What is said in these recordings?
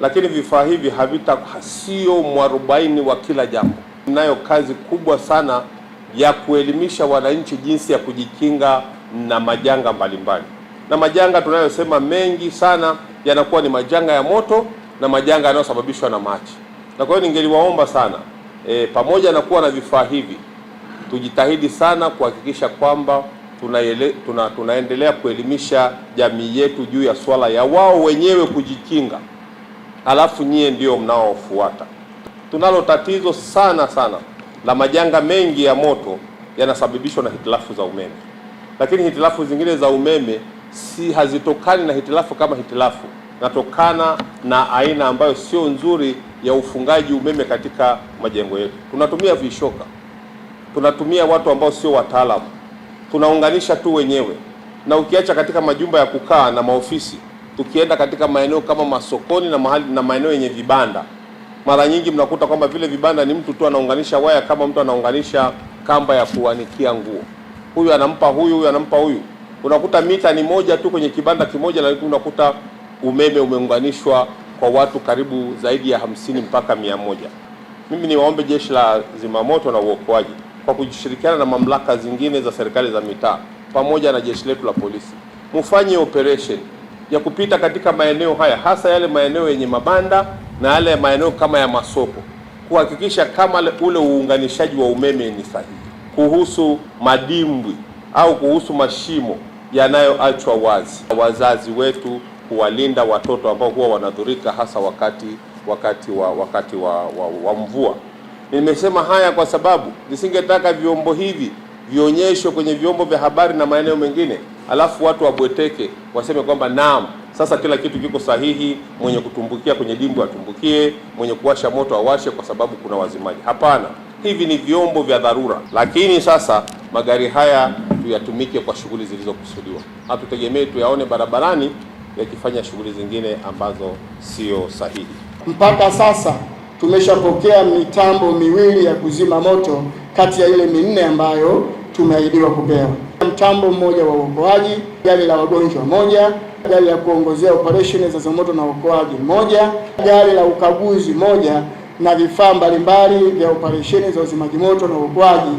lakini vifaa hivi havita sio mwarobaini wa kila jambo. Inayo kazi kubwa sana ya kuelimisha wananchi jinsi ya kujikinga na majanga mbalimbali, na majanga tunayosema mengi sana yanakuwa ni majanga ya moto na majanga yanayosababishwa na maji. Na kwa hiyo ningeliwaomba sana e, pamoja na kuwa na vifaa hivi tujitahidi sana kuhakikisha kwamba tunayele, tuna, tunaendelea kuelimisha jamii yetu juu ya swala ya wao wenyewe kujikinga alafu nyie ndio mnaofuata. Tunalo tatizo sana sana la majanga mengi ya moto yanasababishwa na hitilafu za umeme, lakini hitilafu zingine za umeme si hazitokani na hitilafu kama hitilafu, natokana na aina ambayo sio nzuri ya ufungaji umeme katika majengo yetu. Tunatumia vishoka, tunatumia watu ambao sio wataalamu, tunaunganisha tu wenyewe, na ukiacha katika majumba ya kukaa na maofisi tukienda katika maeneo kama masokoni na mahali na maeneo yenye vibanda, mara nyingi mnakuta kwamba vile vibanda ni mtu tu anaunganisha waya kama mtu anaunganisha kamba ya kuanikia nguo, huyu anampa huyu, huyu anampa huyu. Unakuta mita ni moja tu kwenye kibanda kimoja, na unakuta umeme umeunganishwa kwa watu karibu zaidi ya hamsini mpaka mia moja. Mimi niwaombe Jeshi la Zimamoto na Uokoaji kwa kushirikiana na mamlaka zingine za serikali za mitaa pamoja na jeshi letu la polisi mufanye operation ya kupita katika maeneo haya, hasa yale maeneo yenye mabanda na yale maeneo kama ya masoko, kuhakikisha kama ule uunganishaji wa umeme ni sahihi, kuhusu madimbwi au kuhusu mashimo yanayoachwa wazi, wazazi wetu kuwalinda watoto ambao huwa wanadhurika hasa wakati wakati wa wakati wa, wa, wa mvua. Nimesema haya kwa sababu nisingetaka vyombo hivi vionyeshwe kwenye vyombo vya habari na maeneo mengine alafu watu wabweteke, waseme kwamba naam, sasa kila kitu kiko sahihi, mwenye kutumbukia kwenye dimbwi atumbukie, mwenye kuwasha moto awashe, kwa sababu kuna wazimaji. Hapana, hivi ni vyombo vya dharura. Lakini sasa magari haya tuyatumike kwa shughuli zilizokusudiwa, hatutegemee tuyaone barabarani yakifanya shughuli zingine ambazo sio sahihi. Mpaka sasa tumeshapokea mitambo miwili ya kuzima moto kati ya ile minne ambayo tumeahidiwa kupewa mtambo mmoja wa uokoaji, gari la wagonjwa moja, gari la kuongozea operesheni za zimamoto na uokoaji moja, gari la ukaguzi moja na vifaa mbalimbali vya operesheni za uzimaji moto na uokoaji.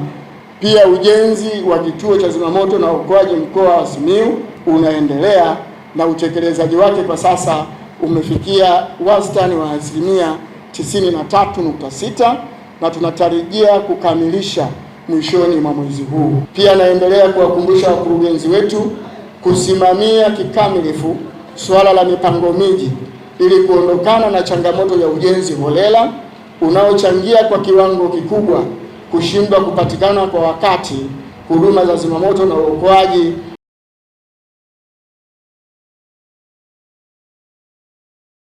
Pia ujenzi wa kituo cha zimamoto na uokoaji mkoa wa Simiyu unaendelea na utekelezaji wake kwa sasa umefikia wastani wa asilimia 93.6 na tunatarajia kukamilisha mwishoni mwa mwezi huu. Pia naendelea kuwakumbusha wakurugenzi wetu kusimamia kikamilifu suala la mipango miji ili kuondokana na changamoto ya ujenzi holela unaochangia kwa kiwango kikubwa kushindwa kupatikana kwa wakati huduma za zimamoto na uokoaji